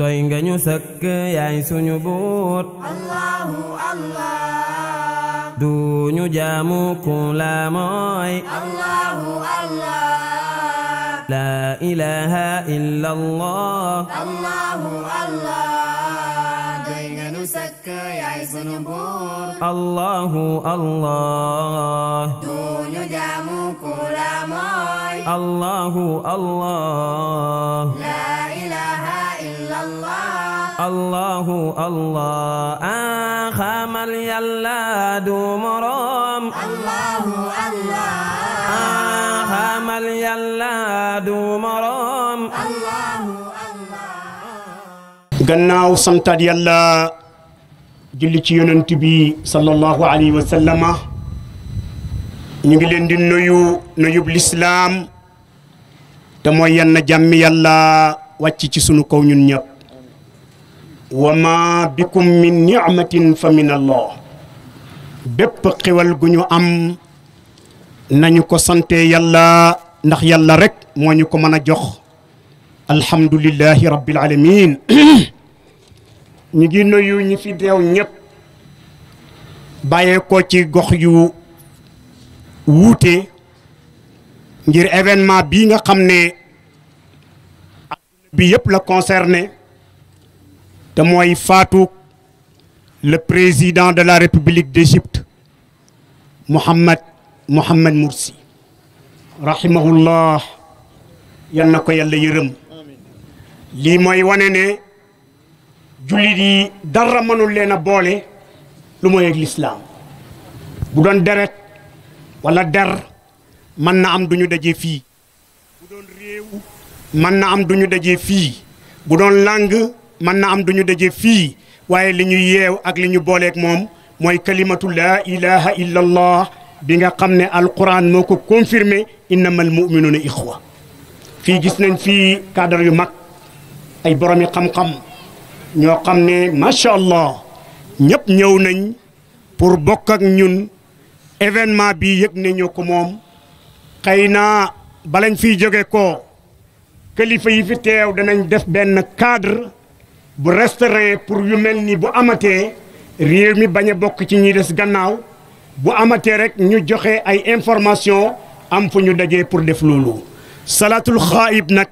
doy nga ñu sëkk yaay suñu buur allahu allah du ñu jaamu ku la mooy allahu allah la ilaha illa allah allahu allah doy nga ñu sëkk yaay suñu buur allahu allah du ñu jaamu ku la mooy allahu allah allahu allah ah xamal yàlla du moroom. allahu allah ah xamal yàlla du moroom. allahu allah. gannaaw santaat yàlla julli ci yonent bi sallallahu alayhi wa sallama ñu ngi leen di nuyu nuyub lislaam te mooy yenn jàmmi yàlla wàcc ci sunu kaw ñun ñëpp. wa ma bikum min ni'matin fa min allah bépp xewal gu ñu am nañu ko sante yàlla ndax yàlla rek moo ñu ko mën a jox alhamdulillahi rabbil alamin ñu ngi nuyu ñi fi deew ñëpp bàyyee ci gox yu wuute ngir événement bii nga xam ne bi yëpp la concerné te mooy faatu le président de la république d'Égypte Mohamed Mohamed Morsi rahimahullah yan na ko yàlla yërëm lii mooy wane ne jullit yi dara mënul leen a boole lu mooy ak lislaam bu doon deret wala der mën na am duñu daje fii bu doon réew mën na am duñu daje fii bu doon langue mën na am duñu daje fii waaye li ñu yeew ak li ñu booleek moom mooy kalimatu laa ilaha illa bi nga xam ne alquran moo ko confirmé innamal muminuuna ixwa fii gis nañ fii cadre yu mag ay boromi xam-xam ñoo xam ne macha allah ñëpp ñëw nañ pour bokk ak ñun événement bi yëg ne ñoo ko moom xëy na balañ fiy jóge ko kilifa yi fi teew danañ def benn cadre bu restauré pour yu mel nii bu amatee réew mi bañ a bokk ci ñuy des gannaaw bu amatee rek ñu joxe ay information am fu ñu dajee pour def loolu salaatul xaayib nag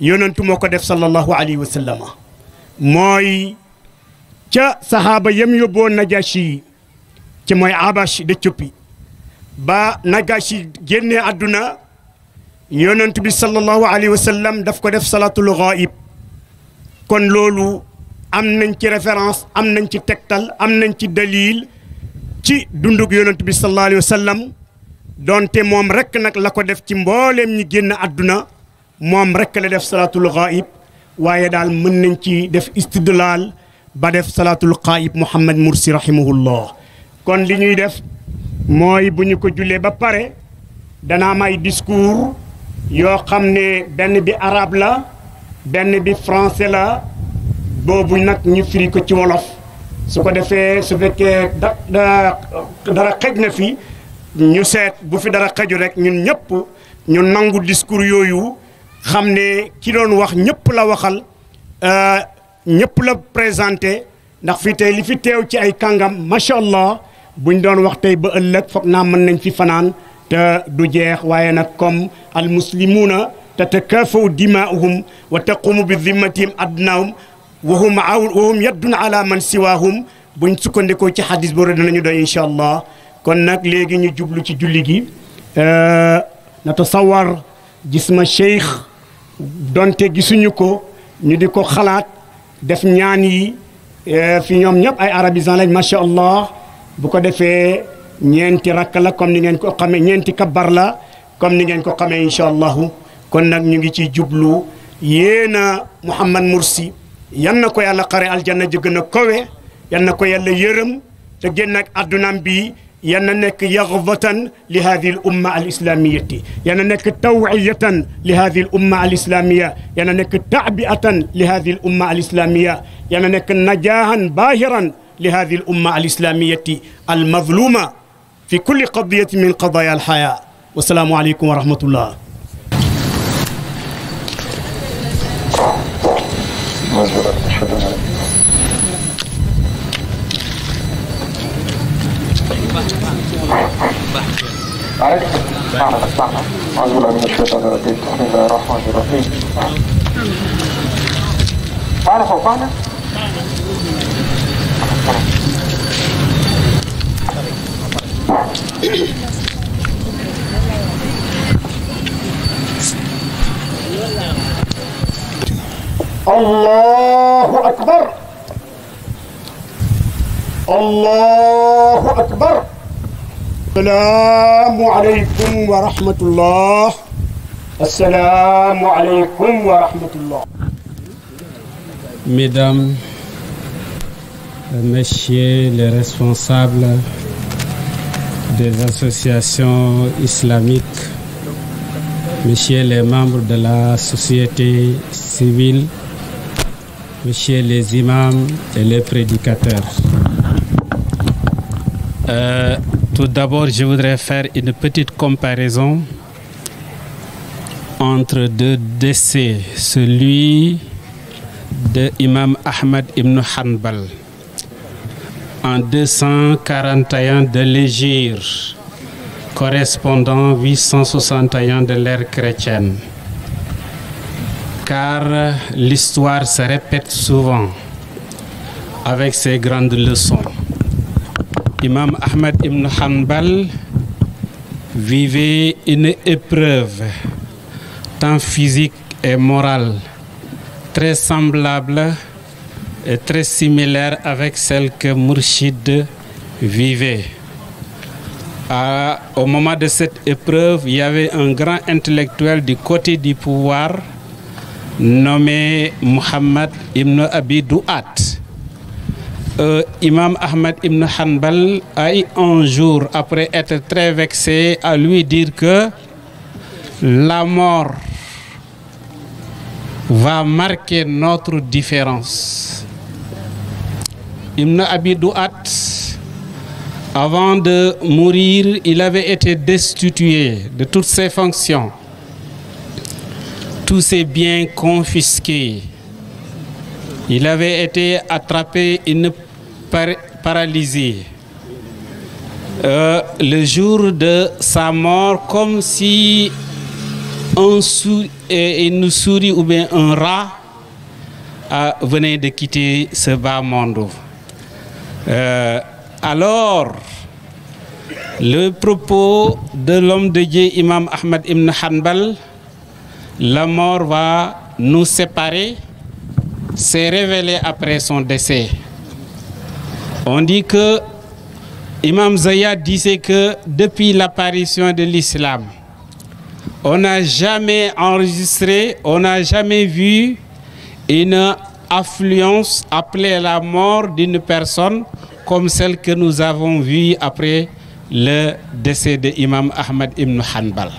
yonentu moo ko def sallallahu alayhi wa sallam mooy ca sahaaba yam yi ci mooy abash de coppi ba najashi génnee àdduna yonent bi sallallahu alayhi wa sallam daf ko def salaatul xaayib kon loolu am nañ ci référence am nañ ci tegtal am nañ ci dalil ci dundug yonent bi sallallahu alayhi wa sallam doonte moom rek nag la ko def ci mbooleem ñi génn àdduna moom rekk la def salaatul ghaib waaye daal mën nañ ci def istidlaal ba def salaatul ghaib Muhammad Mursi rahimahullah kon li ñuy def mooy bu ñu ko jullee ba pare dana am ay discours yoo xam ne benn bi arab la benn bi français la boobu nag ñu firi ko ci wolof su ko defee su fekkee da dara xaj na fi ñu seet bu fi dara xaju rek ñun ñëpp ñu nangu discours yooyu xam ne ci doon wax ñëpp la waxal euh, ñëpp la présenté ndax fi tey li fi teew ci ay kàngam macha allah buñ doon wax tey ba ëllëg foog naa mën nañ fi fanaan te du jeex waaye nag comme al muslimuna te te tatakaafau dimaa'uhum wa taqumu bi dimmatihim adnaahum wa hum wa hum yaddun ala man siwaahum buñ sukkandikoo ci xadis boobu danañu doy incha allah kon nag léegi ñu jublu ci julli gi natasawar gis ma cheikh donte gisuñu ko ñu di ko xalaat def ñaan yi fi ñoom ñëpp ay arabisant lañ macha allah bu ko defee ñeenti rakk la comme ni ngeen ko xamee ñeenti kabar la comme ni ngeen ko xamee incha allahu kon nag ñu ngi ciy jublu yéena Mouhamad Mursi yan na ko yàlla xare aljanna ji gën a kowe yan na ko yàlla yërëm te génn ak addunaam bi yan na nekk yaxvatan li hadi l umma al islamiyati yan na nekk tawiyatan li hadi l umma al islamiya yan na nekk taabiatan li hadi l umma al islamiya yan na nekk najahan baahiran li hadi l umma al islamiyati al mazluma fi kulli qadiyatin min qadaya al xayaa wasalaamu aleykum wa rahmatullah rozbiórek posiedzenia عرفت؟ أعرف صح أعوذ بالله من الشيطان الرجيم بسم الله الرحمن الرحيم أعرف وقعنا؟ Thank you. الله أكبر الله أكبر السلام عليكم ورحمة الله السلام عليكم ورحمة الله des associations islamiques, Messieurs les membres de la société civile, Monsieur les imams et les prédicateurs. Euh, tout d'abord, je voudrais faire une petite comparaison entre deux décès, celui de Imam Ahmad ibn Hanbal en 241 de l'Égypte, correspondant 861 de l'ère chrétienne car l'histoire se répète souvent avec ses grandes leçons. Imam Ahmed Ibn Hanbal vivait une épreuve tant physique et morale très semblable et très similaire avec celle que Mourchid vivait. au moment de cette épreuve, il y avait un grand intellectuel du côté du pouvoir nommé Muhammad ibn Abi Douat. Euh, Imam Ahmad ibn Hanbal a eu un jour, après être très vexé, à lui dire que la mort va marquer notre différence. Ibn Abi Douat, avant de mourir, il avait été destitué de toutes ses fonctions. tous ses biens confisqués. Il avait été attrapé une par paralysie. Euh, le jour de sa mort, comme si un sou et euh, ou bien un rat euh, venait de quitter ce bas monde. Euh, alors, le propos de l'homme de Dieu, Imam Ahmad Ibn Hanbal, la mort va nous séparer, s'est révélé après son décès. On dit que Imam Zayad disait que depuis l'apparition de l'islam, on n'a jamais enregistré, on n'a jamais vu une affluence appelée la mort d'une personne comme celle que nous avons vue après le décès de Imam Ahmad ibn Hanbal.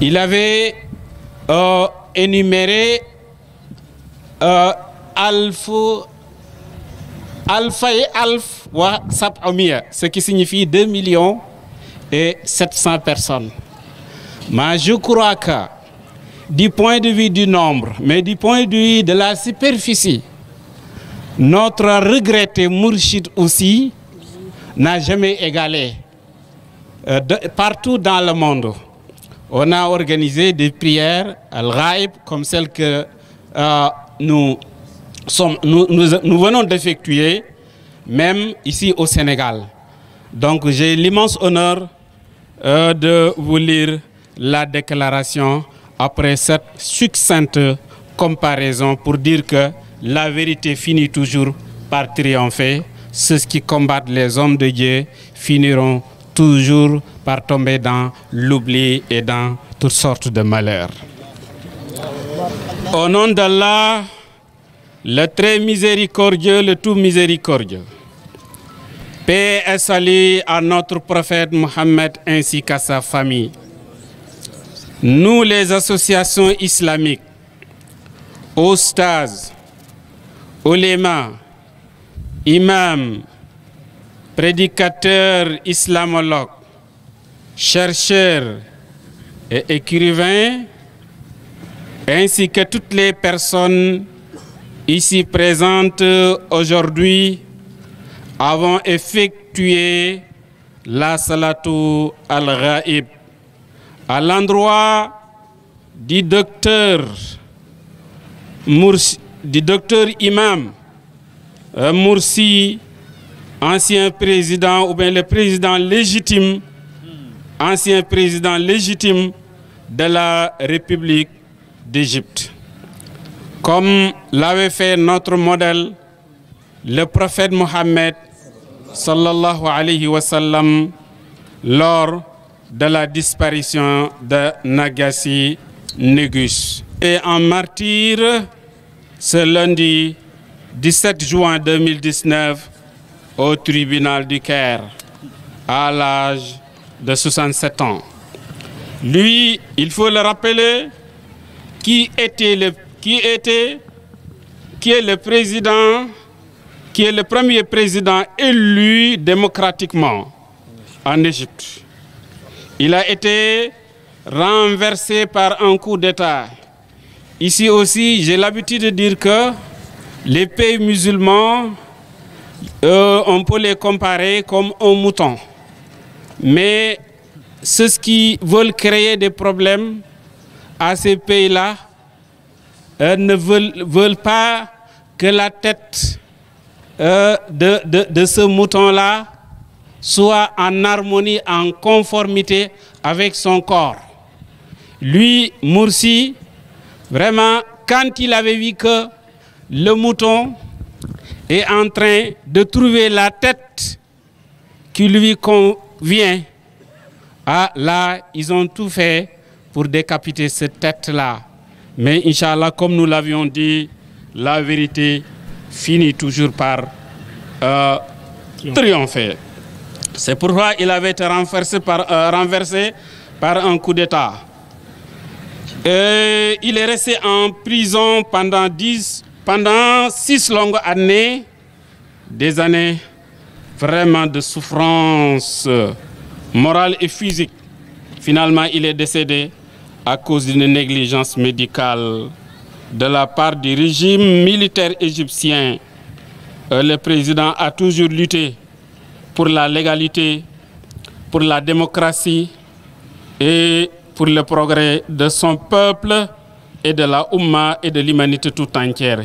Il avait euh, énuméré euh, alf alfay alf wa sab'umia ce qui signifie 2 millions et personnes mais je crois que du point de vue du nombre mais du point de vue de la superficie notre regretté Mourchid aussi n'a jamais égalé euh, de, partout dans le monde On a organisé des prières al ghaib comme celle que euh, nous, sommes, nous, venons d'effectuer, même ici au Sénégal. Donc j'ai l'immense honneur euh, de vous lire la déclaration après cette succincte comparaison pour dire que la vérité finit toujours par triompher. Ceux qui combattent les hommes de Dieu finiront toujours par tomber dans l'oubli et dans toutes sortes de malheurs. Au nom d'Allah, le très miséricordieux, le tout miséricordieux, paix et salut à notre prophète Mohammed ainsi qu'à sa famille. Nous, les associations islamiques, Oustaz, Olema, Imam, prédicateur islamologue, chercheur et écrivain, ainsi que toutes les personnes ici présentes aujourd'hui, avons effectué la salatu al-ghaib à l'endroit du docteur imam euh, Moursi ancien président ou bien le président légitime ancien président légitime de la République d'Égypte. Comme l'avait fait notre modèle, le prophète Mohammed sallallahu alayhi wa sallam lors de la disparition de Nagassi Négus. Et en martyr ce lundi 17 juin 2019 au tribunal du Caire à l'âge de 67 ans. Lui, il faut le rappeler, qui était le, qui était, qui est le président, qui est le premier président élu démocratiquement en Égypte. Il a été renversé par un coup d'État. Ici aussi, j'ai l'habitude de dire les pays musulmans Euh, on peut les comparer comme un mouton. Mais ceux qui veulent créer des problèmes à ces pays-là euh, ne veulent, pas que la tête euh, de, de, de ce mouton-là soit en harmonie, en conformité avec son corps. Lui, Moursi, vraiment, quand il avait vu que le mouton est en train de trouver la tête qui lui convient, ah là, ils ont tout fait pour décapiter cette tête-là. Mais Inch'Allah, comme nous l'avions dit, la vérité finit toujours par euh, triompher. C'est pourquoi il avait été renversé par, euh, renversé par un coup d'État. Il est resté en prison pendant dix pendant six longues années, des années vraiment de souffrance morale et physique. Finalement, il est décédé à cause d'une négligence médicale de la part du régime militaire égyptien. Euh, le président a toujours lutté pour la légalité, pour la démocratie et pour le progrès de son peuple et de la Oumma et de l'humanité tout entière.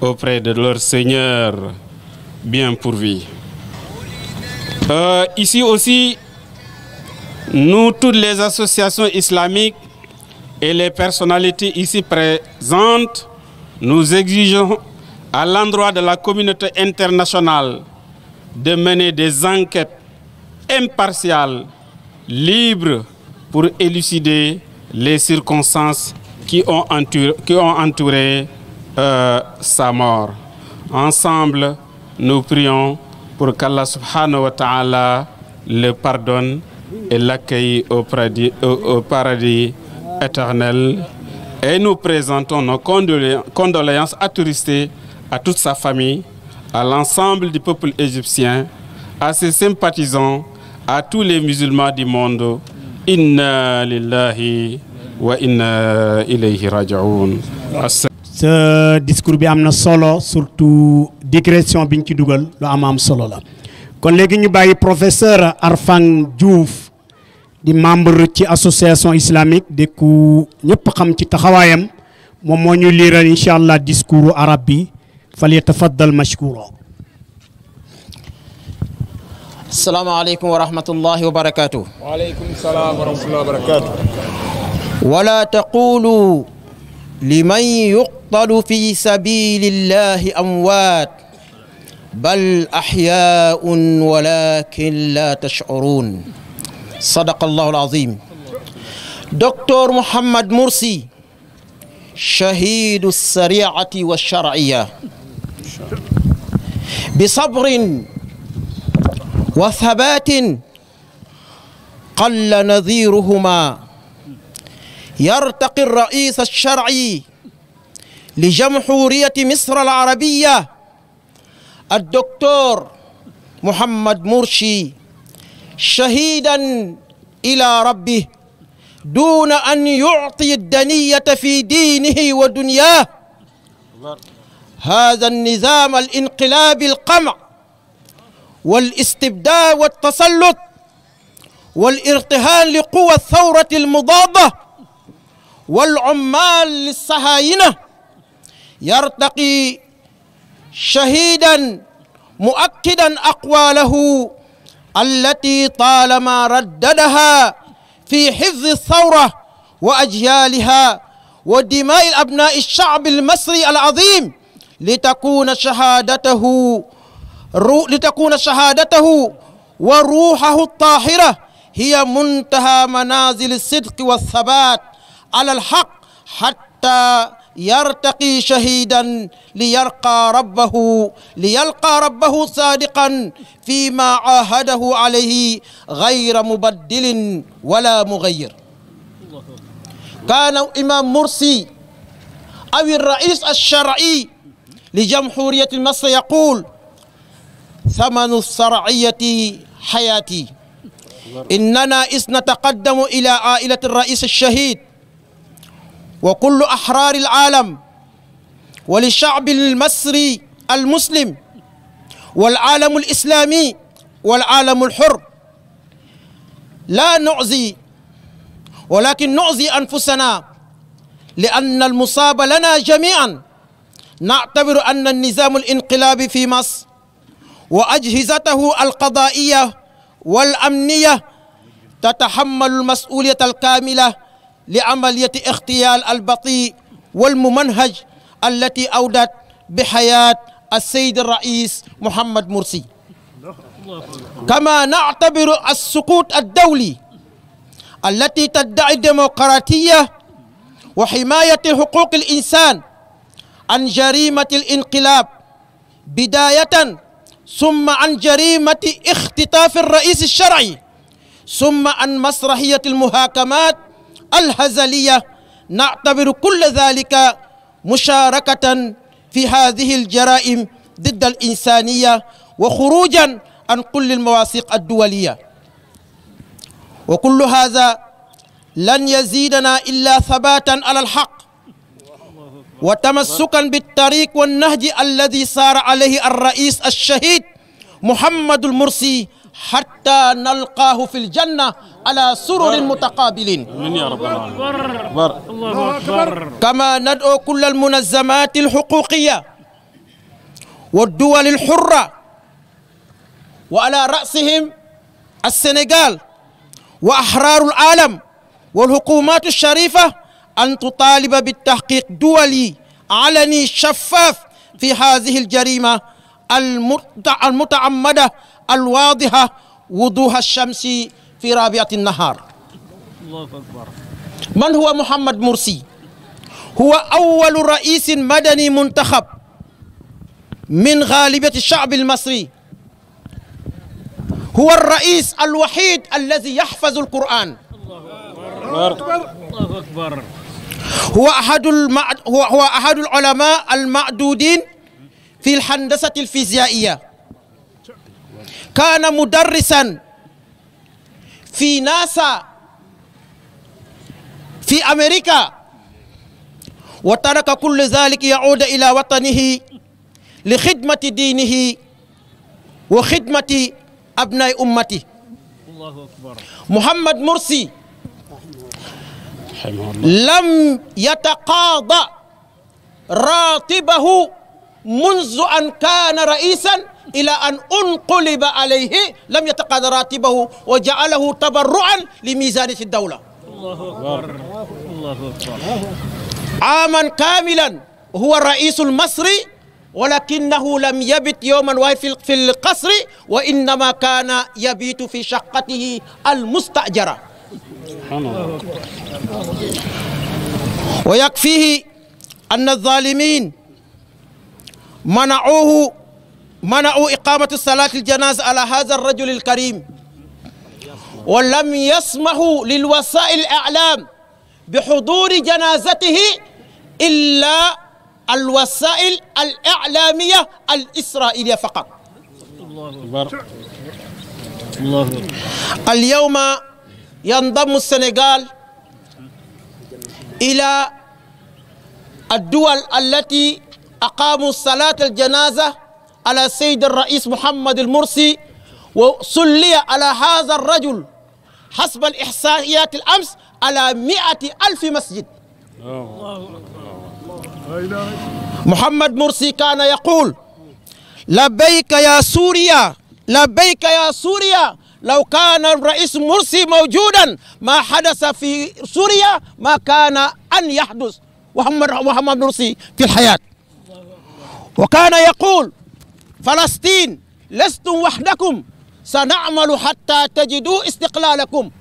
auprès de leur Seigneur bien pourvu. Euh, ici aussi, nous, toutes les associations islamiques et les personnalités ici présentes, nous exigeons à l'endroit de la communauté internationale de mener des enquêtes impartiales, libres, pour élucider les circonstances qui ont entouré, qui ont entouré euh, sa mort. Ensemble, nous prions pour qu'Allah subhanahu wa ta'ala le pardonne et l'accueille au, au, au paradis éternel. Et nous présentons nos condoléances attristées à toute sa famille, à l'ensemble du peuple égyptien, à ses sympathisants, à tous les musulmans du monde. Inna lillahi wa inna ilayhi sa discours bi am na solo surtout digression bi ñu ci dugal lu am solo la kon léegi ñu bàyyi professeur Arfang juuf di membre ci association islamique di ku ñëpp xam ci taxawaayam moom moo ñu liiral incha allah discours arab bi fal yatafaddal mashkuro salaamaaleykum yuqtalu fi sabilillahi amwaat bal axyaun walakin la tashcuruun sadaqallahu alazim docteur Mouhamed Morsi shahidu sariati walsharciya bisabrin wa thabaatin qalla nadiruhuma yartaqi الرئيس الشرعي لجمهورية مصر العربية الدكتور محمد مرشي شهيدا إلى ربه دون أن يعطي الدنية في دينه ودنياه هذا النظام الانقلابي القمع والاستبداد والتسلط والارتهان لقوى الثورة المضادة والعمال للصهاينة يرتقي شهيدا مؤكدا أقواله التي طالما رددها في حفظ الثورة وأجيالها ودماء أبناء الشعب المصري العظيم لتكون شهادته رو لتكون شهادته وروحه الطاهرة هي منتهى منازل الصدق والثبات على الحق حتى يرتقي شهيدا ليرقى ربه ليلقى ربه صادقا فيما عاهده عليه غير مبدل ولا مغير كان إمام مرسي أو الرئيس الشرعي لجمهورية مصر يقول ثمن الشرعية حياتي إننا إذ نتقدم إلى عائلة الرئيس الشهيد wa kullu ahraari alaalam wa li shaabi almasri almuslim والعالم الإسلامي والعالم الحر لا نعزي ولكن نعزي أنفسنا لأن المصاب لنا جميعا نعتبر أن النظام الانقلابي في مصر وأجهزته القضائية والأمنية تتحمل المسؤولية الكاملة li amaliyati ixtiyaal albatii wal mumanhaj allati awdat bi xayaat السيد الرئيس محمد مرسي كما نعتبر السقوط الدولي التي تدعي الديمقراطية وحماية حقوق الإنسان عن جريمة الانقلاب بداية ثم عن جريمة اختطاف الرئيس الشرعي ثم عن مسرحية المهاكمات الهزلية نعتبر كل ذلك مشاركة في هذه الجرائم ضد الإنسانية وخروجا عن كل المواثيق الدولية وكل هذا لن يزيدنا إلا ثباتا على الحق وتمسكا بالطريق والنهج الذي صار عليه الرئيس الشهيد محمد المرسي hatta nalqaahu fi ljanna ala sururin mutaqabilin kama nad'u kulla almunazamati alhuquqiya والدول الحرة وعلى رأسهم السنغال وأحرار العالم والحكومات الشريفة أن تطالب بالتحقيق دولي علني شفاف في هذه الجريمة المتعمدة alwaadiha wuduha alchamsi fi rabiati nahar man huwa Mouhamed Morsi huwa awalu raisin madani muntaxab min gaalibati shacbi almasri huwa alrais alwahid allazi yaxfazu alquran هو أحد المع... هو أحد العلماء المعدودين في الهندسة الفيزيائية كان مدرسا في ناسا في أمريكا وترك كل ذلك يعود إلى وطنه لخدمة دينه وخدمة أبناء أمته محمد مرسي لم يتقاضى راتبه منذ أن كان رئيساً ila an unquliba alayhi lam yataqad ratibahu wa ja'alahu tabarru'an li misanati dawla عاما كاملا هو الرئيس المصري ولكنه لم يبت يوما واحدا في القصر وإنما كان يبيت في شقته المستأجرة ويكفيه أن الظالمين منعوه منعوا إقامة صلاة الجنازة على هذا الرجل الكريم ولم يسمحوا للوسائل الإعلام بحضور جنازته إلا الوسائل الإعلامية الإسرائيلية فقط اليوم ينضم السنغال إلى الدول التي أقاموا صلاة الجنازة على سيد الرئيس محمد المرسي وصلي على هذا الرجل حسب الإحصائيات الأمس على مئة ألف مسجد محمد مرسي كان يقول لبيك يا سوريا لبيك يا سوريا لو كان الرئيس مرسي موجودا ما حدث في سوريا ما كان أن يحدث محمد محمد مرسي في الحياة وكان يقول falastin lastum wahdakum sa na'malu hatta tajidu istiqlalakum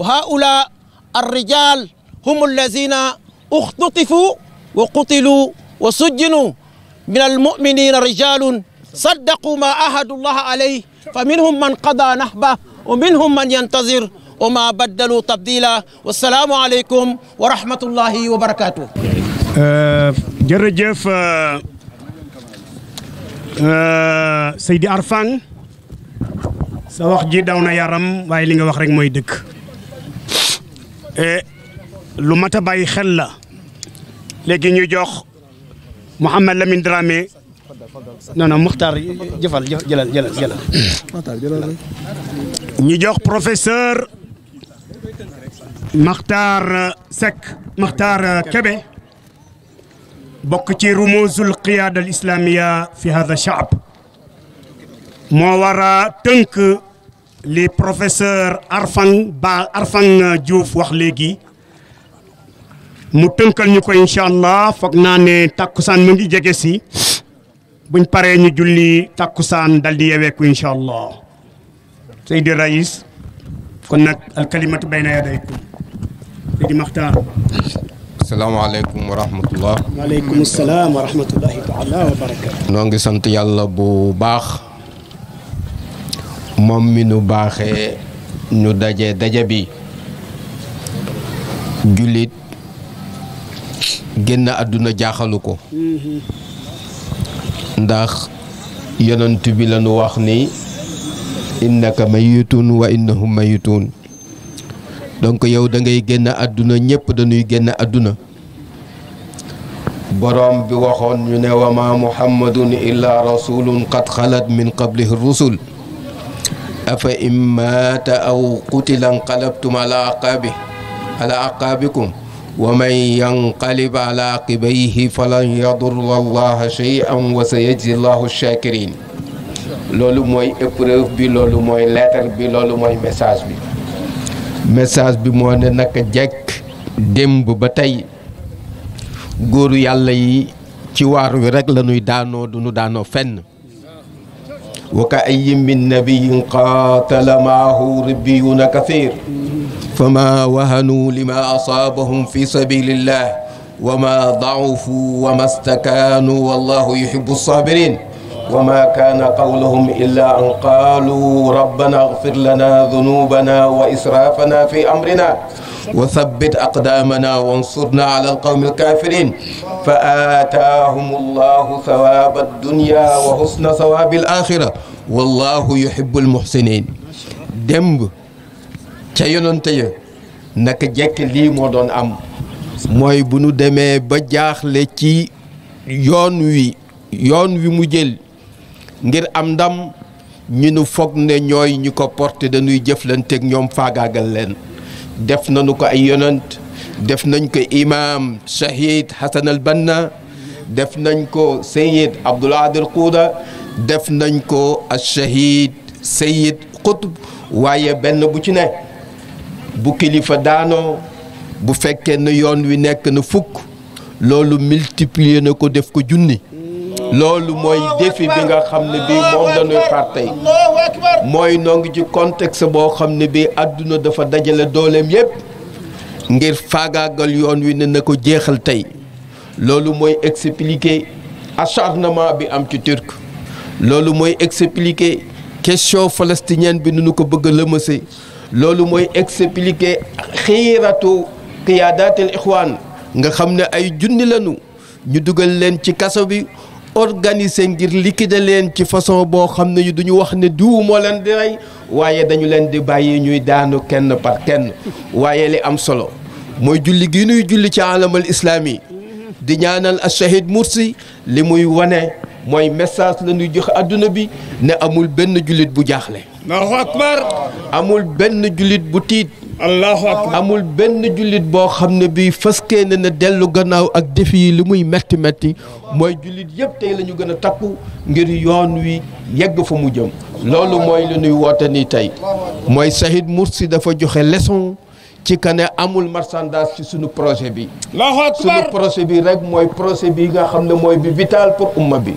wa haula ar-rijal hum allazina ukhtutifu wa qutilu wa sujjinu min almuminina rijalun saddaqu ma ahadu llaha alayh fa minhum man qada nahba wa minhum man yantazir wa ma baddalu tabdila wasalaamu aleykum wa rahmatullahi wa barakatuh jërëjëf Euh, Seydi Arfan sa wax ji daw na yaram waaye li nga wax rek mooy dëkk lu mat a bàyyi xel la léegi ñu jox Mouhamed Lamine Dramé non non Muxtaar jëfal jëlal jëlal jëlal ñu jox professeur Makhtar Seck Makhtar Kébé bokk ci rumuzul qiyaada al islamiya fi hada shaab moo war a tënk li professeur Arfan Ba Arfan Diouf wax léegi mu tënkal ñu ko incha allah foog naa ne tàkkusaan mu ngi jege si buñ paree ñu julli takkusaan dal di yeweeku incha Seydi Rais kon nag alkalimatu bayna yadaykum Seydi Maxtaar asalaamaaleykum wa rahmatullah. waaleykum salaam noo ngi sant yàlla bu baax moom mi nu baaxee ñu daje daje bi jullit génn àdduna jaaxalu ko. Mm-hmm. ndax yonent bi lañu wax ni. innaka mayitun wa innahum mayitun donc yow dangay génn àdduna ñépp dañuy génn àdduna boroom bi waxoon ñu ne wa ma muhammadun illa rasulun qad xalat min qablihi rusul afa in maata aw qutila nqalabtum ala aqaabikum wa man yanqalib ala aqibayhi falan yadurra allaha shay'an wa sayajzi allahu shakirin loolu mooy épreuve bi loolu mooy lettre bi loolu mooy message bi message bi moo ne naka jekk démb ba tey góoru yàlla yi ci waar wi rekk la ñuy daanoo du ñu daanoo fenn wa ka ayyin min nabiyyin qaatala maahu ribbiyuuna kathiir fa maa wahanuu limaa asaabahum fi sabilillah wa maa daufuu wa ma stakaanuu wallahu yuhibbu saabiriin وما كان قولهم إلا أن قالوا ربنا اغفر لنا ذنوبنا وإسرافنا في أمرنا وثبت أقدامنا وانصرنا على القوم الكافرين فآتاهم الله ثواب الدنيا وحسن ثواب الآخرة والله يحب المحسنين démb ca yonante ya naka jekk lii moo doon am mooy bu nu demee ba jaaxle ci yoon wi yoon wi mu jël ngir am ndam ñu nu foog ne ñooy ñu ko porté dañuy ak ñoom faagaagal leen def nañu ko ay yonent def nañ ko imaam Shahid Hassan Banna def nañ ko Seyid Abdul Adir Quuda def nañ ko al Shahid Seyid Qutb waaye benn bu ci ne bu kilifa daanoo bu fekkee ne yoon wi nekk na fukk loolu multiplier na ko def ko junni loolu mooy défi bi nga xam ne bii moom dañuy xaar tey mooy noo ci contexte boo xam ne bi àdduna dafa dajale dooleem yépp ngir faagaagal yoon wi ne na ko jeexal tey loolu mooy expliquer acharnement bi am ci turc loolu mooy expliquer question palestinienne bi nu nu ko bëgg a loolu mooy expliquer xiiratu qiyaadatil ixwaan nga xam ne ay junni lañu ñu dugal leen ci kaso bi organiser ngir likide leen ci façon boo xam ne duñu wax ne diw moo leen di rey waaye dañu leen di bàyyi ñuy daanu kenn par kenn waaye li am solo mooy julli gi nuy julli ci alamal islaami di ñaanal a Shahid Mursi li muy wane mooy message la ñuy joxe adduna bi ne amul benn jullit bu jaaxle. Allahu akbar amul benn jullit bu tiit. allahu akbar amul benn jullit boo xam ne bii ne na dellu gannaaw ak défi yi li muy metti metti mooy jullit yëpp tey la ñu gën a takku ngir yoon wi yegg fa mu jëm loolu mooy lu ñuy woote ni tey mooy Saïd Mursi dafa joxe leçon ci kane amul marchandage ci suñu projet bi. suñu projet bi rek mooy projet bi nga xam ne mooy bi vital pour umma bi.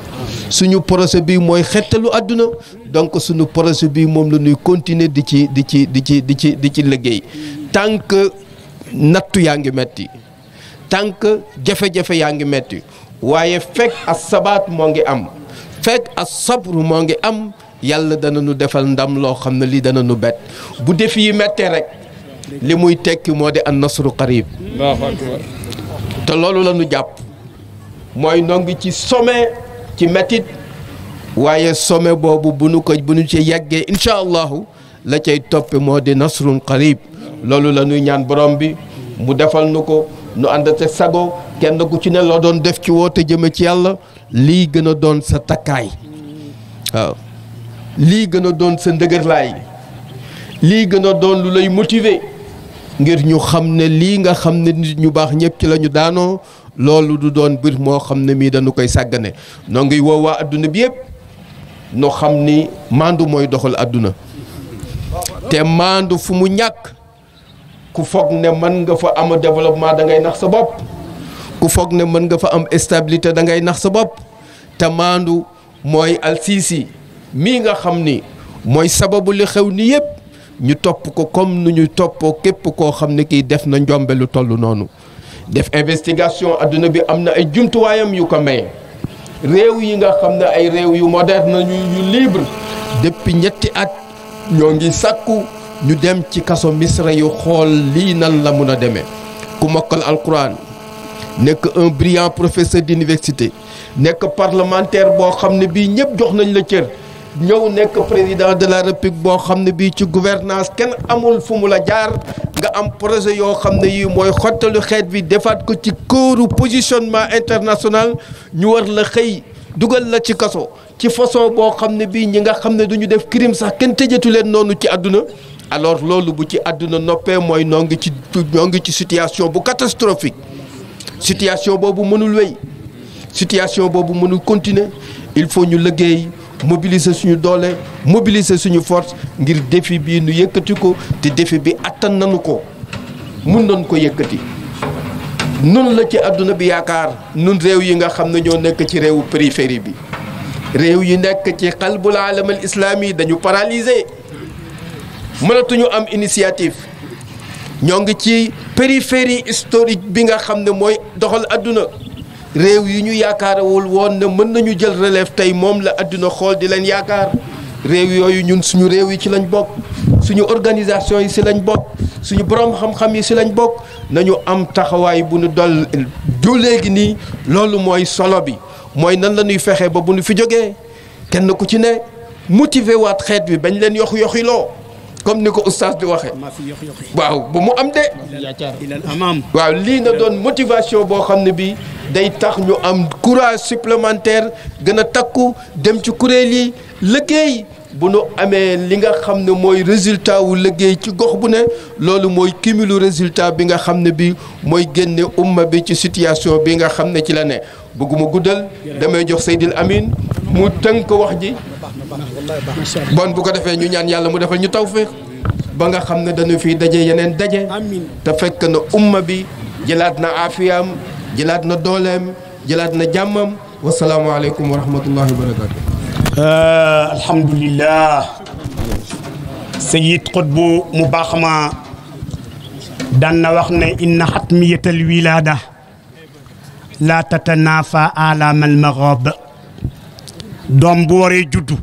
suñu projet bi mooy xettalu àdduna. donc suñu projet bi moom la ñuy continuer di ci di ci di ci di ci di ci liggéey. tant que nattu yaa ngi metti tant que jafe-jafe yaa ngi metti waaye fekk as sabaat moo ngi am. fekk ak sabru moo ngi am yàlla dana nu defal ndam loo xam ne lii dana nu bett bu def yi mettee rek. li muy tekki moo di an nasru qarib te loolu la jàpp mooy nongi ci some ci metit waaye some boobu bu nu ko bu nu ci yàggee incha la cay toppe moo di nasrun qarib loolu la ñaan borom bi mu defal nu ko nu ànd te sago kenn ku ci ne loo doon def ci woote jëme ci yàlla lii gën a doon sa takkaay waaw lii gën a doon sa ndëgërlaay lii gën a doon lu lay motiver ngir ñu xam ne lii nga xam ne nit ñu baax ñëpp ci lañu daanoo loolu du doon bir moo xam ne mii dañu koy sàggane noo ngi woo waa bi yëpp noo xam ni maandu mooy doxal àdduna te maandu fu mu ñàkk ku foog ne mën nga fa am développement da ngay nax sa bopp ku foog ne mën nga fa am stabilité da ngay nax sa bopp te maandu mooy alsiisi mii nga xam ni mooy sababu li xew nii yëpp ñu topp ko comme nu ñu toppoo képp koo xam ne kii def na njombe lu toll noonu def investigation adduna bi am na ay jumtuwaayam yu ko maye réew yi nga xam ne ay réew yu moderne yu libre depuis ñetti at ñoo ngi sakku ñu dem ci kaso misra yu xool lii nan la mun a demee ku mokkal alquran nekk un brillant professeur d'université nekk parlementaire boo xam ne bii ñëpp jox nañ la cër ñëw nekk président de la république boo xam ne bii ci gouvernance kenn amul fu mu la jaar nga am projet yoo xam ne yii mooy xottalu xeet bi defaat ko ci këru positionnement international ñu war la xëy dugal la ci kaso ci façon boo xam ne bii ñi nga xam ne duñu def kirim sax kenn tëjatu leen noonu ci àdduna alors loolu bu ci àdduna noppee mooy noo ngi ci ñoo ngi ci situation bu catastrophique situation boobu mënul wéy situation boobu mënul continuer il faut ñu liggéey mobiliser suñu doole mobiliser suñu force ngir defi bii nu yëkkati ko te défi bi attan nañu ko mun nañu ko yëkkati nun la ci àdduna bi yaakaar nun réew yi nga xam ne ñoo nekk ci réewu périphérie bi réew yi nekk ci xalbul alamal islaam yi dañu paralysé mënatuñu am initiative ñoo ngi ci périphérie historique bi nga xam ne mooy doxal àdduna réew yi ñu yaakaarewul woon na mën nañu jël relève tey moom la àdduna xool di leen yaakaar réew yooyu ñun suñu réew yi ci lañ bokk suñu organisation yi si lañ bokk suñu borom xam-xam yi si lañ bokk nañu am taxawaay bu nu dol du léegi nii loolu mooy solo bi mooy nan la ñuy fexe ba bu ñu fi jógee kenn ku ci ne motiver waat xeet bi bañ leen yox yoxiloo comme ni ko oustaz bi waxee waaw ba mu am de waaw lii na doon motivation boo xam ne bii day tax ñu am courage supplémentaire gën a takku dem ci kuréel yi liggéey bu nu amee li nga xam ne mooy résultat wu liggéey ci gox bu ne loolu mooy cumulu résultat bi nga xam ne bi mooy génne umma bi ci situation bi nga xam ne ci la ne bëgguma guddal damay jox Seydil Amin mu tënk wax ji bon bu ko defee ñu ñaan yàlla mu defal ñu tawféex ba nga xam ne dañu fi daje yeneen daje te fekk na umma bi jëlaat na aafiyaam jëlaat na dooleem jëlaat na jàmmam wasalaamaaleykum wa rahmatullahi wa barakaatu euh, alhamdulillah sayid xutbu mu baax ma daan na wax ne inna xatmiyatal wilaada la tatanaafa alamal magab doom bu waree juddu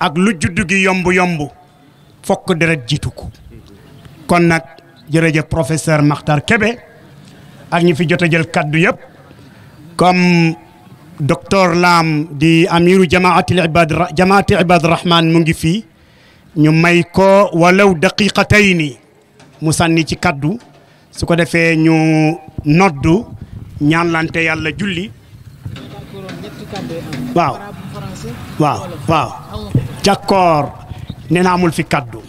ak lu juddu gi yomb yomb fokk deret jiitu ko kon nag jërëjëf professeur Makhtar kebe ak ñu fi jot a jël kàddu yëpp comme docteur Lam di amiru jamaati ibad jamaati ibad rahman mu ngi fii ñu may ko walaw daqiqatayni mu sànni ci kàddu su ko defee ñu noddu ñaanlante yàlla julli waaw waaw waaw jàkkoor nee na amul fi kàddu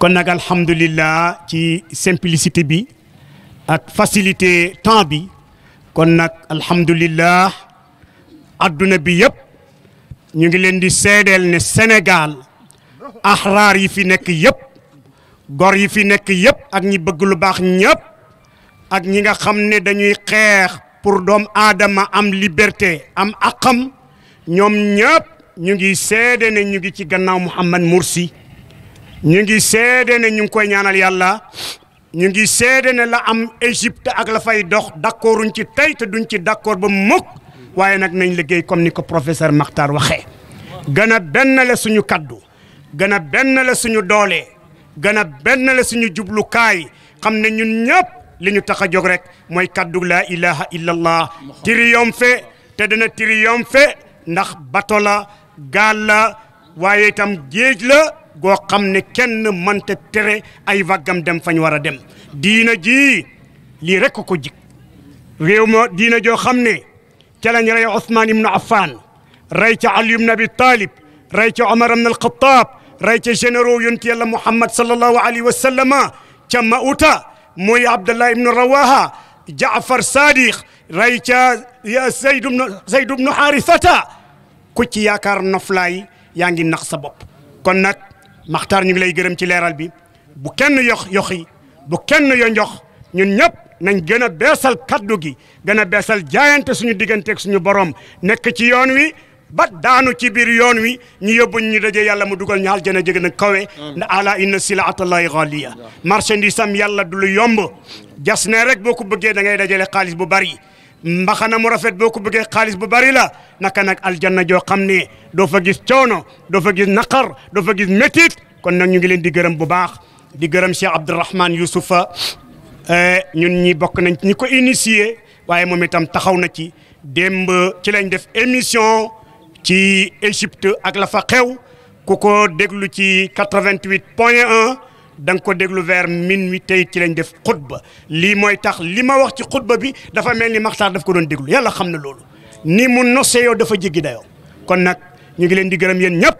kon nag alhamdulillah ci simplicité bi ak facilité temps bi kon nag alhamdulillah adduna bi yëpp ñu ngi leen di seedeel ne Sénégal axraar yi fi nekk yëpp gor yi fi nekk yëpp ak ñi bëgg lu baax ñëpp ak ñi nga xam ne dañuy xeex pour doom aadama am liberté am aqam ñoom ñëpp ñu ngi seede ne ñu ngi ci gannaaw Mouhamed Mursi ñu ngi seede ne ñu ngi koy ñaanal yàlla ñu ngi seede ne la am Égypte ak la fay dox d'accorduñ ci tey te duñ ci d'accord ba mukk waaye nag nañ liggéey comme ni ko professeur Makhtar waxee gën a benn la suñu kaddu gën a benn la suñu doole gën a benn la suñu jublukaay xam ne ñun ñëpp li ñu tax a jóg rek mooy kaddu laa ilaha illallah triomphe te dana triomphe ndax batola gaal la waaye itam géej la goo xam ne kenn mënta tere ay vaggam dem fañ war a dem diina ji lii rekk ko jik réew ma diina joo xam ne ca lañ rey Ousmane ibnu Affan rey ca Ali ibnu Abi Talib rey ca Omar ibnu Alxataab rey ca généraux yonent yàlla Muhammad sallallahu alayhi wa sallama ca Mauta muy Abdallah ibnu Rawaha Jaafar Sadiq rey ca Zayd ibnu Zayd ibnu Haarisata ku ci yaakaar noflaay yaa ngi nax sa bopp kon nag maxtaar ñu ngi lay gërëm ci leeral bi bu kenn yox yoxi bu kenn yo njox ñun ñëpp nañ gën a beesal kaddu gi gën a beesal jaayante suñu digganteeg suñu borom nekk ci yoon wi ba daanu ci biir yoon wi ñu yóbbuñ ñu daje yàlla mu dugal ñu aljana jege na kawe mm. nda ala inna silaatallahi ghaliya marchandise am yàlla du lu yomb jas ne rek boo ko bëggee da ngay dajale xaalis bu bari mbaxana mu rafet boo ko bëggee xaalis bu bari la naka nag aljanna joo xam ne doo fa gis coono doo fa gis naqar doo fa gis métit kon nag ñu ngi leen di gërëm bu baax di gërëm Cheikh Abdourahmane Youssoufa eh, ñun ñi bokk nañ ñi ko initié waaye moom itam taxaw na ci démb ci lañ def émission ci Égypte ak la fa ku ko déglu ci 88 point 1 danga ko déglu vers minuit tey ci lañ def xutba lii mooy tax li ma wax ci xutba bi dafa mel ni maxtaar daf ko doon déglu yàlla xam na loolu ni mu nosee yow dafa jéggi dayoo kon nag ñu ngi leen di gërëm yéen ñëpp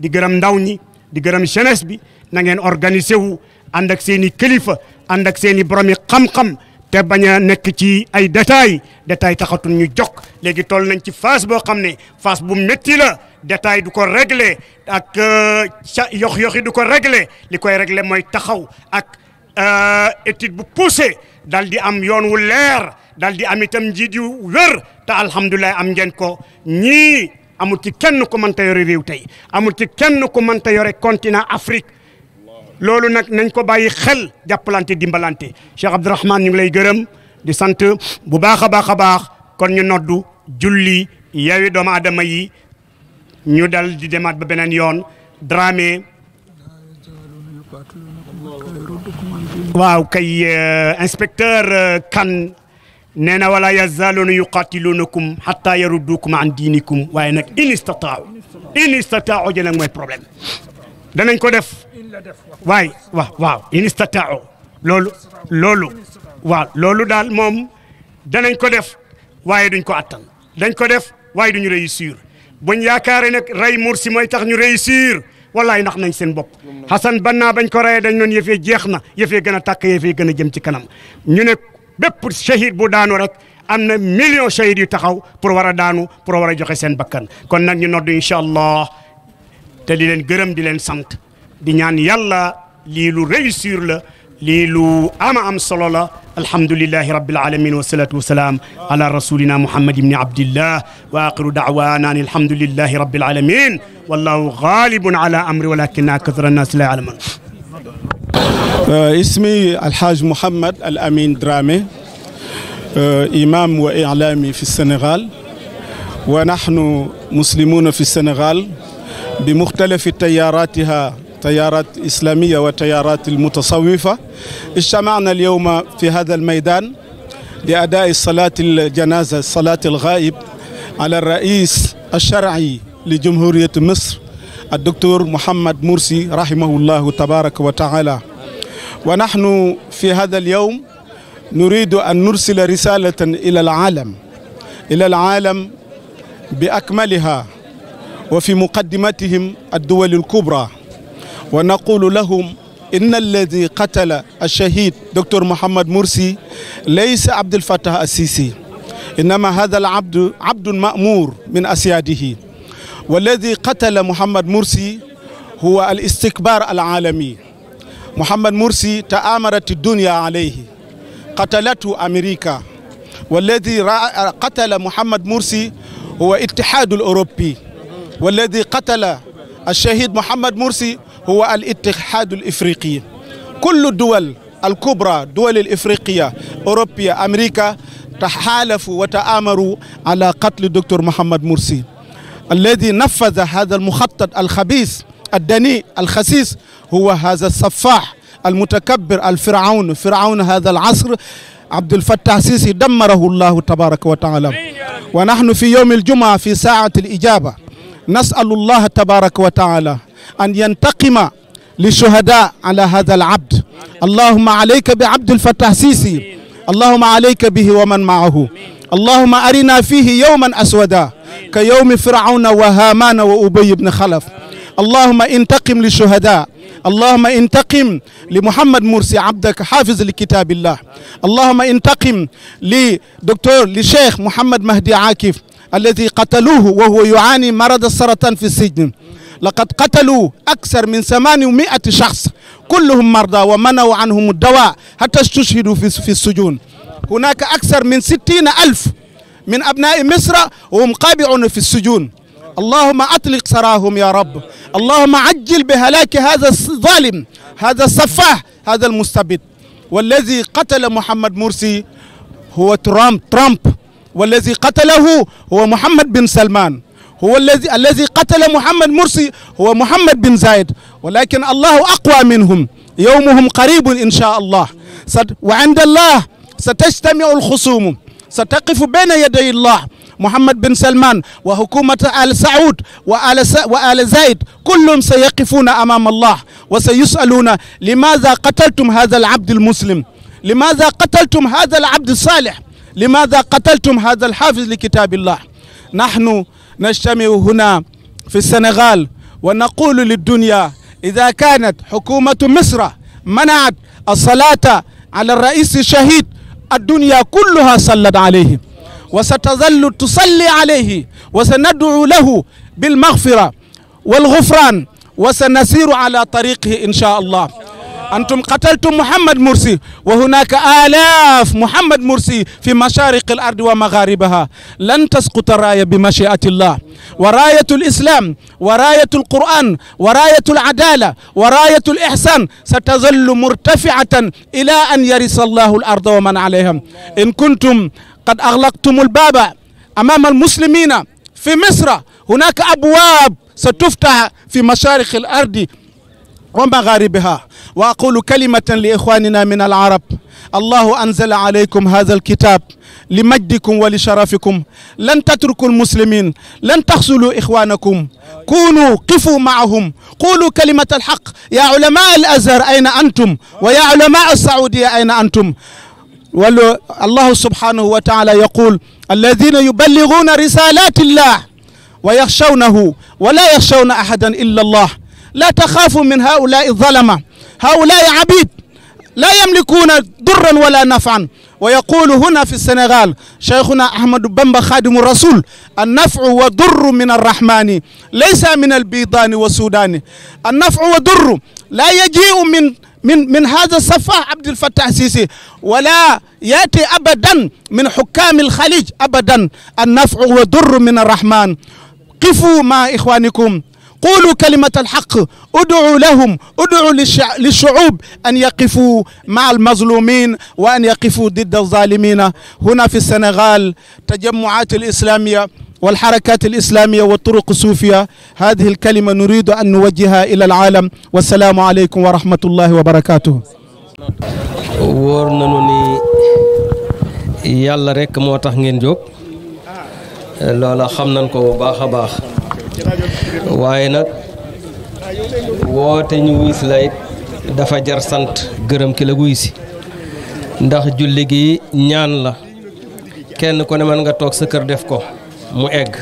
di gërëm ndaw ñi di gërëm jeunesse bi nangeen ngeen organiser wu ànd ak seen i kilifa ànd ak seen i borom yi xam-xam te bañ a nekk ci ay détails détails taxatul ñu jog léegi toll nañ ci phase boo xam ne phase bu métti la détail du ko réglé ak euh, yox yoxi du ko réglé li koy réglé mooy taxaw ak euh, étude bu poussé dal di am yoon wu leer dal di am itam njiit yu wér te alhamdulilah am ngeen ko ñii amul ci kenn ku mënta yore réew tey amul ci kenn ku mënta yore continant Afrique loolu nag nañ ko bàyyi xel jàppalante dimbalante Cheikh Abdourahmane ñu ngi lay gërëm di sant bu baax a baax a baax kon ñu noddu julli yeewi doomu aadama yi ñu dal di demaat ba beneen yoon Dramé waaw kay euh, inspecteur euh, kan nee na wala yazaluuna yuqatiluunakum xata yaruddukum an diinikum waaye nag in istataaw in istataaw ja nag mooy problème danañ ko def waaye waaw waaw in istataaw loolu loolu waaw loolu daal moom danañ ko def waaye duñ ko attan dañ ko def waaye duñu réussir buñ yaakaare nag rey Mursi mooy tax ñu réussir wallaay nax nañ seen bopp Hassan Banna bañ ko reyee dañ noon yëfee jeex na yëfee gën a tàkk yëfee gën a jëm ci kanam ñu ne bépp shahid bu daanu rek am na million shahid yu taxaw pour war a daanu pour war a joxe seen bakkan kon nag ñu noddu incha allah te di leen gërëm di leen sant di ñaan yàlla lii lu réussir la lii lu ama am solo la alhamdulillahi rabbil alamin wasalatu wasalaam ala rasulina muhammad ibni abdillah wa aqiru daawana an alhamdulillahi rabbil alamin wallahu ghalibun ala amri walakinna akthara annas la ya'lamun euh, ismi alhaj Mouhamed Al Amin Dramé euh, imam wa i'lami fi Sénégal wa nahnu muslimuna fi Sénégal بمختلف تياراتها تيارات إسلامية وتيارات المتصوفة اجتمعنا اليوم في هذا الميدان لأداء صلاة الجنازة صلاة الغائب على الرئيس الشرعي لجمهورية مصر الدكتور محمد مرسي رحمه الله تبارك وتعالى ونحن في هذا اليوم نريد أن نرسل رسالة إلى العالم إلى العالم بأكملها wa fi muqaddimatihim ad-duwal al-kubra wa naqulu lahum inna alladi qatala ash-shahid docteur Mohamed Morsi laysa Abdul Fattah as-Sisi innama hadha al-abdu abdun ma'mur min asyadihi walladi qatala Mohamed Morsi huwa al-istikbar al-alami Mohamed Morsi ta'amarat ad-dunya alayhi qatalatu Amerika walladi qatala Mohamed Morsi huwa ittihad al-Europe walladi qatala alchahid Mouhamed Morsi huwa al ittihadu al ifriqi kullu duwal al kubra duwal al ifriqiya Europe Amérique taxaalafu wa taamaru ala qatli docteur Mouhamed Morsi alladi nafada hada al muxatat al xabiis addani al xasiis huwa hada safaax al mutakabbir al firawn firawn hada al asr Abdul Fattah Sisi damarahu llahu tabaraka wa taala wa naxnu fi yowmi aljumaa fi saacati al ijaaba nasalu llaha tabaraka wa taala an yantaqima للشهداء على هذا العبد اللهم عليك بعبد الفتاح سيسي اللهم عليك به ومن معه اللهم أرنا فيه يوما أسودا كيوم فرعون وهامان وأبي بن خلف اللهم انتقم للشهداء اللهم انتقم لمحمد مرسي عبدك حافظ لكتاب الله اللهم انتقم لدكتور لشيخ محمد مهدي عاكف الذي قتلوه وهو يعاني مرض السرطان في السجن لقد قتلوا أكثر من 800 شخص كلهم مرضى ومنعوا عنهم الدواء حتى استشهدوا في السجون هناك أكثر من 60 ألف من أبناء مصر وهم قابعون في السجون اللهم أطلق سراهم يا رب اللهم عجل بهلاك هذا الظالم هذا السفاح هذا المستبد والذي قتل محمد مرسي هو ترامب ترامب wallazi qatalahu huwa Muhammad bin Salman huwa allazi allazi qatala Muhammad Mursi huwa Muhammad bin Zayed walakin Allahu aqwa minhum yawmuhum qaribun insha Allah wa inda Allah satajtamiu alxusuumu sataqifu bayna yaday Allah Muhammad bin Salman wa hukuumatu Al Saoud wa Al Zayd kulluhum sayaqifuuna amaama Allah wa sayus'aluuna limaazaa qataltum haazal abdal muslim limaazaa qataltum haazal abdas saalih لماذا قتلتم هذا الحافظ لكتاب الله نحن نجتمع هنا في السنغال ونقول للدنيا إذا كانت حكومة مصر منعت الصلاة على الرئيس الشهيد الدنيا كلها صلت عليه وستظل تصلي عليه وسندعو له بالمغفرة والغفران وسنسير على طريقه إن شاء الله أنتم قتلتم محمد مرسي وهناك آلاف محمد مرسي في مشارق الأرض ومغاربها لن تسقط الراية بمشيئة الله وراية الإسلام وراية القرآن وراية العدالة وراية الإحسان ستظل مرتفعة إلى أن يرث الله الأرض ومن عليها إن كنتم قد أغلقتم الباب أمام المسلمين في مصر هناك أبواب ستفتح في مشارق الأرض ومغاربها وأقول كلمة لإخواننا من العرب الله أنزل عليكم هذا الكتاب لمجدكم ولشرفكم لن تتركوا المسلمين لن تخسلوا إخوانكم كونوا قفوا معهم قولوا كلمة الحق يا علماء الأزهر أين أنتم ويا علماء السعودية أين أنتم ولو الله سبحانه وتعالى يقول الذين يبلغون رسالات الله ويخشونه ولا يخشون أحدا إلا الله لا تخافوا من هؤلاء الظلمة هؤلاء عبيد لا يملكون ضرا ولا نفعا ويقول هنا في السنغال شيخنا أحمد بمبا خادم الرسول النفع وضر من الرحمن ليس من البيضان والسودان النفع وضر لا يجيء من من من هذا السفاح عبد الفتاح السيسي ولا ياتي ابدا من حكام الخليج ابدا النفع وضر من الرحمن قفوا مع اخوانكم قولوا كلمة الحق ادعوا لهم ادعوا للشعوب أن يقفوا مع المظلومين وأن يقفوا ضد الظالمين هنا في السنغال تجمعات الإسلامية والحركات الإسلامية والطرق الصوفية هذه الكلمة نريد أن نوجهها إلى العالم والسلام عليكم ورحمة الله وبركاته wóor nañu ni yàlla rekk moo tax ngeen jóg loola xam nañ ko bu baax a baax waaye nag woote ñu wuy si dafa jar sant gërëm ki la wuy ndax julli gi ñaan la kenn ku ne mën nga toog sa kër def ko mu egg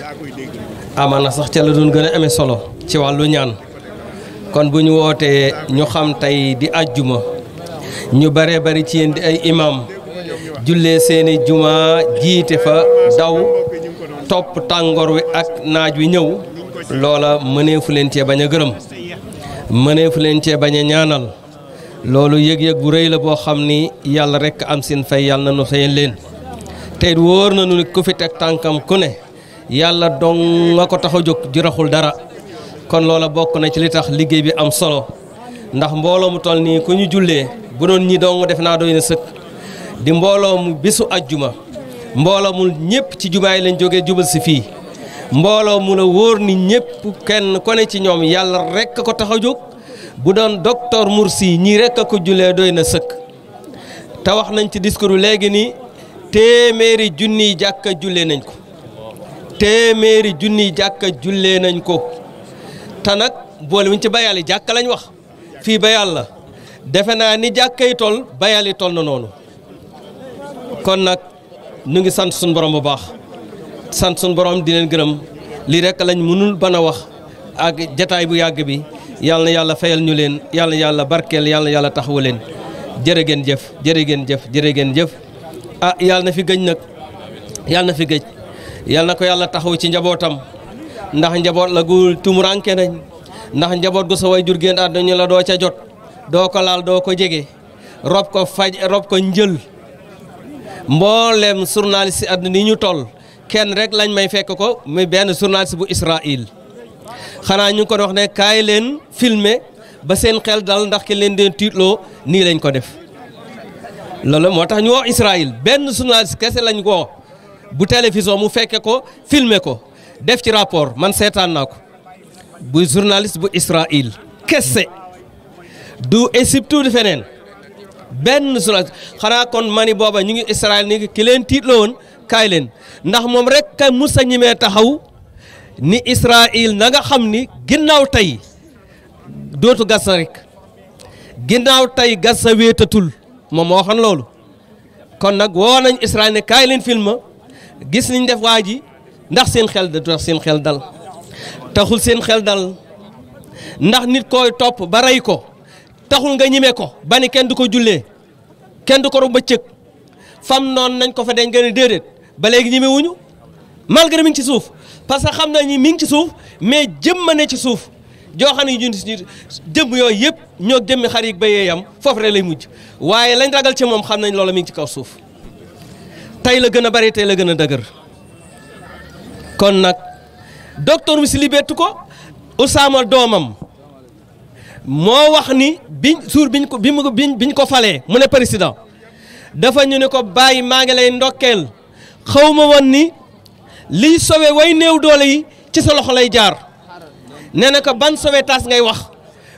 amaana sax ca la doon gën a amee solo ci wàllu ñaan kon bu ñu wootee ñu xam tey di àjjuma ñu bare bari ci yéen di ay imam jullee seeni jumaa jiite fa daw topp tàngoor wi ak naaj wi ñëw loola mëneefu leen cee bañ a gërëm mëneefu leen cee bañ a ñaanal loolu yëg-yëg bu rëy la boo xam ni yàlla rekk am seen fay yàlla na nu fayal leen tey wóor na nu ku fi teg tànkam ku ne yàlla dong nga ko tax a jóg juraxul dara kon loola bokk na ci li tax liggéey bi am solo ndax mbooloo mu toll nii ku ñu jullee bu doon ñii dong def naa doy na sëkk di mbooloo mu bisu ajjuma mbooloo mu ñëpp ci jumaay lañ jóge jubal si fii mbooloo mu la wóor ni ñëpp kenn ku ne ci ñoom yàlla rek ko tax a jóg bu doon docteur Mursi ñii rek a ko jullee doy na sëkk te wax nañ ci discours léegi nii téeméeri junniy jàkk jullee nañ ko téeméeri junniy jàkka jullee nañ ko te nag boole wuñ ci bayal yi jàkka lañ wax fii bayal la defe naa ni jàkkay toll bayal yi toll na noonu kon nag nu ngi sant suñu borom bu baax. sant suñu borom di leen gërëm lii rek lañ mënul ban a wax ak jataay bu yàgg bi yàlla yàlla fayal ñu leen yàlla yàlla barkeel yàlla na yàlla taxawu leen jërë ngeen jëf jërë ngeen jëf jërë ngeen jëf ah yàlla na fi gëj nag yàlla na fi gëj yàlla na ko yàlla taxaw ci njabootam ndax njaboot la gu tumuranke nañ ndax njaboot gu sa way jur génn àdduna ñu la doo ca jot doo ko laal doo ko jege rob ko faj rob ko njël mbooleem journaliste yi àdduna ñu toll kenn rek lañ may fekk ko muy benn journaliste bu Israël xanaa ñu ko wax ne kaay leen filmer ba seen xel dal ndax ki leen deen tiitloo nii lañ ko def loolu moo tax ñu woo Israël benn journaliste kese lañ ko bu télévision mu fekke ko filmer ko def ci rapport man seetaan naa ko bu journaliste bu Israël kese du Égypte du feneen benn journaliste xanaa kon mani booba ñu ngi Israël ni ki leen tiitloo woon kaay leen ndax moom rekk ka mus a ñimee taxaw ni Israël na nga xam ni ginnaaw tey dootu gas rek ginnaaw tey gas sa wéetatul moom moo xam loolu kon nag woo nañ Israël ne kaay leen film gis niñ def waa ji ndax seen xel da seen xel dal taxul seen xel dal ndax nit koy topp ba rey ko taxul nga ñime ko ba ni kenn du ko jullee kenn du ko ru bëccëg fam noonu nañ ko fa denc nga ne déedéet ba léegi ñemewuñu malgré mi ngi ci suuf parce que xam na ñi mi ngi ci suuf mais jëmma ne ci suuf joo xam ne ñun suñu jëmm yooyu yëpp ñoo jëmmi xar yi ba yeeyam foofu rek lay mujj waaye lañ ragal ci moom xam nañ loola mi ngi ci kaw suuf tey la gën a bari tey la gën a dëgër kon nag docteur bi si libetu ko Usaama doomam moo wax ni bi suur biñ ko biñ ko falee mu ne président dafa ñu ne ko bàyyi maa ngi lay ndokkeel xaw ma woon ni liy sowe way néew doole yi ci sa loxo lay jaar nee na ko ban sowe taas ngay wax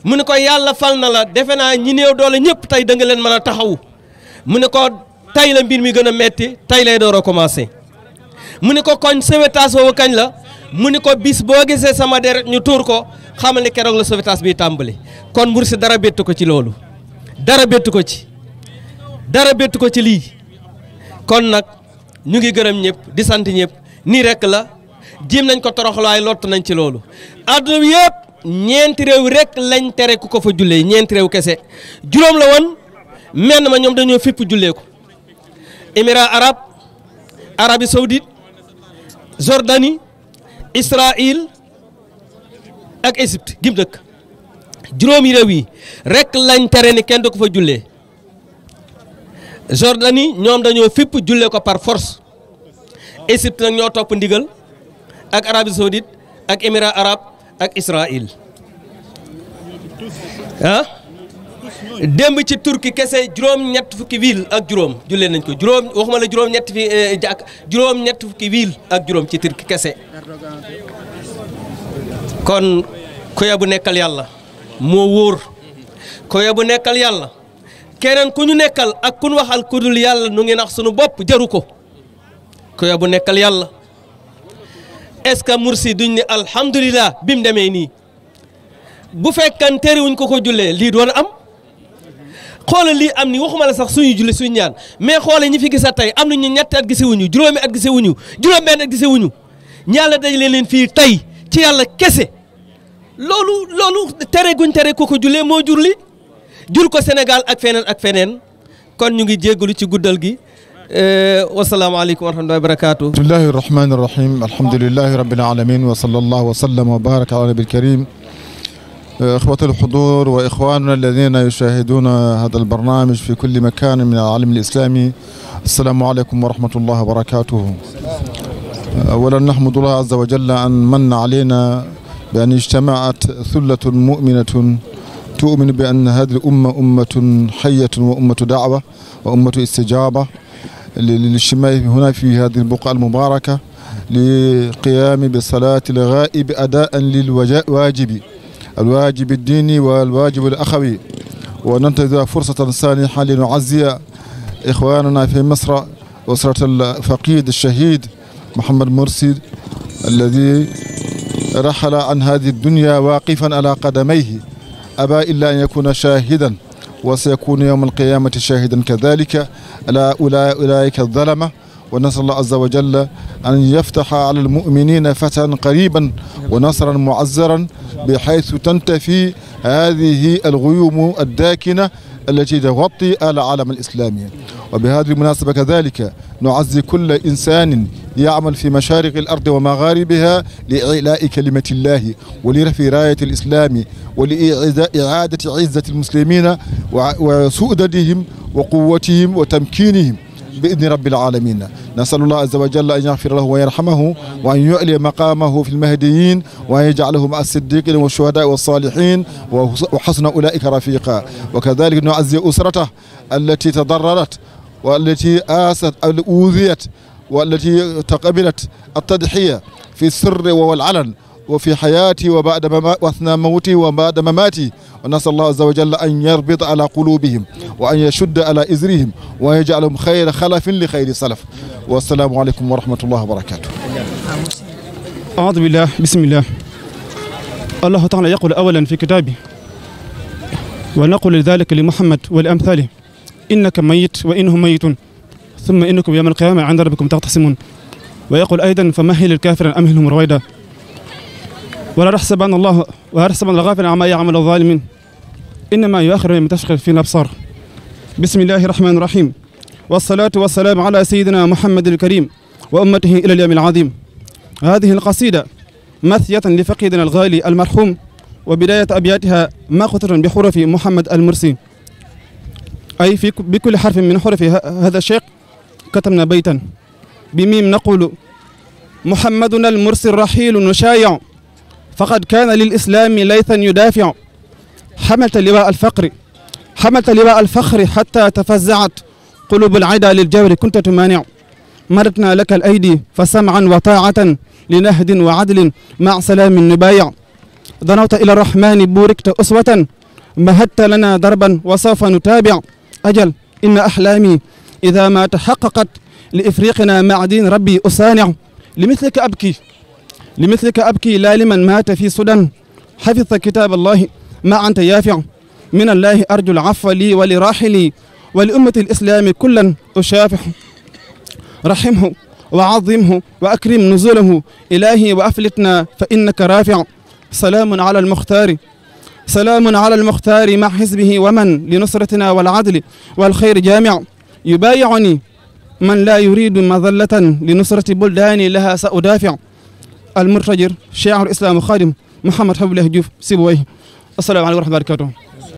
mu ne ko yàlla fal na la defe naa ñi néew doole ñëpp tey da nga leen mën a taxawu mu ne ko tay la mbir mi gën a metti tey lay door a commencé mu ne ko koñ sowetaas woowu kañ la mu ne ko bis boo gisee sama deret ñu tuur ko xamal ne keroog la sowetaas bi tàmbali kon Mboursi dara bettu ko ci loolu dara bettu ko ci dara bettu ko ci lii kon nag ñu ngi gërëm ñëpp di sant ñëpp nii rek la jiim nañ ko toroxlaay lott nañ ci loolu àdduna bi yëpp ñeenti réew rek lañ tere ku ko fa jullee ñeenti réew kese juróom la woon menn ma ñoom dañoo fipp jullee ko émirat arab arabie saoudite jordanie israël ak égypte gim dëkk juróomi réew yi rek lañ tere ni kenn du ko fa jullee Jordanie ñoom dañoo fipp jullee ko par force Égypte nag ñoo topp ndigal ak Arabie Saoudite ak Émirats arabes ak Israël ah démb ci turki kese juróom-ñett fukki ville ak juróom jullee nañ ko juróom waxuma la juróom-ñett fi eh, jàkk juróom-ñett fukki ville ak juróom ci Turquie kese kon koya bu nekkal yàlla moo wóor koya bu nekkal yàlla keneen ku ñu nekkal ak ku ñu waxal ku yàlla nu ngi nax sunu bopp jaru ko bu nekkal yàlla est-ce que Mursi duñ ne alhamdulilah bi mu demee nii bu fekkan terewuñ ko ko jullee lii doon am xoolal lii am ni waxuma la sax suñu julli suñ ñaan mais xoole ñi fi gisa tey am ñu ñetti at gisewuñu juróomi at gisewuñu juróom benn at gisewuñu ñaala dajale leen fii tey ci yàlla kese loolu loolu tere guñ tere koko ko moo jur li jur ko Sénégal ak feneen ak feneen kon ñu ngi jéggalu ci guddal gi euh, wasalaamaaleykum wa rahmatullahi wa barakaatu. bismillahi rahmaani rahim alhamdulilahi rabbil alamin wa sallallahu wa sallam wa baraka ala nabil karim إخوة الحضور وإخواننا الذين يشاهدون هذا البرنامج في كل مكان من العالم الإسلامي السلام عليكم ورحمة الله وبركاته أولا نحمد الله عز وجل أن من علينا بأن اجتمعت ثلة مؤمنة تؤمن بأن هذه الأمة أمة حية وأمة دعوة وأمة استجابة للاجتماع هنا في هذه البقعة المباركة لقيام بصلاة الغائب أداء للواجب الواجب الديني والواجب الأخوي وننتظر فرصة سانحة لنعزي إخواننا في مصر أسرة الفقيد الشهيد محمد مرسي الذي رحل عن هذه الدنيا واقفا على قدميه aba illa an yakuna shahidan wa sayakunu yawma alqiyamati shahidan kadhalika ala ulaika adh-dhalama wa nasal allah azza wa jalla an yaftaha ala almu'minina fatan qariban wa nasran mu'azzaran bihaythu tantafi hadhihi alghuyum ad-dakina التي تغطي العالم الإسلامي وبهذه المناسبة كذلك nuazzi kulla insanin yaamal fi mashariqi al ardi wa magharibiha li ilaai kalimati llahi wa li rafi raayati alislami wa li iadati izzati almuslimina wa sudadihim wa quwatihim wa tamkinihim بإذن رب العالمين نسأل الله عز وجل أن يغفر له ويرحمه وأن يعلي مقامه في المهديين وأن يجعله مع الصديقين والشهداء والصالحين وحسن أولئك رفيقا وكذلك نعزي أسرته التي تضررت والتي آست أو أوذيت والتي تقبلت التضحية في السر والعلن وفي حياتي وبعد مما واثناء موتي وبعد مماتي ونسال الله عز وجل ان يربط على قلوبهم وان يشد على ازرهم ويجعلهم خير خلف لخير سلف والسلام عليكم ورحمه الله وبركاته. اعوذ بالله بسم الله. الله تعالى يقول اولا في كتابه ونقول ذلك لمحمد والامثال إنك ميت وإنهم ميتون ثم إنكم يوم القيامة عند ربكم تختصمون ويقول أيضا فمهل الكافر أمهلهم رويدا ولا تحسبن الله ولا تحسبن الغافل عما يعمل الظالمين إنما يؤخر من تشغل في الأبصار بسم الله الرحمن الرحيم والصلاة والسلام على سيدنا محمد الكريم وأمته إلى اليوم العظيم هذه القصيدة مثية لفقيدنا الغالي المرحوم وبداية أبياتها ما قطر بحروف محمد المرسي أي في بكل حرف من حرف هذا الشيخ كتبنا بيتا بميم نقول محمدنا المرسل رحيل نشايع فقد كان للإسلام ليثا يدافع حملت لواء الفقر حملت لواء الفخر حتى تفزعت قلوب العدا للجبر كنت تمانع مرتنا لك الأيدي فسمعا وطاعة لنهد وعدل مع سلام نبايع دنوت إلى الرحمن بوركت أسوة مهدت لنا دربا وسوف نتابع أجل إن أحلامي إذا ما تحققت لإفريقنا مع دين ربي أصانع لمثلك أبكي لمثلك أبكي لا لمن مات في سودان حفظ كتاب الله ما أنت يافع من الله أرجو العفو لي ولراحلي ولأمة الإسلام كلا أشافح رحمه وعظمه وأكرم نزوله إلهي وأفلتنا فإنك رافع سلام على المختار سلام على المختار مع حزبه ومن لنصرتنا والعدل والخير جامع يبايعني من لا يريد مظلة لنصرة بلداني لها سأدافع المرتجر شاعر الإسلام خادم محمد حبله جوف سيبويه السلام عليكم ورحمة الله وبركاته